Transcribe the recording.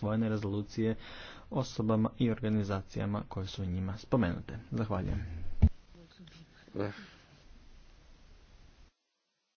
usvojene rezolucije osobama i organizacijama koje su njima spomenute. Zahvaljujem.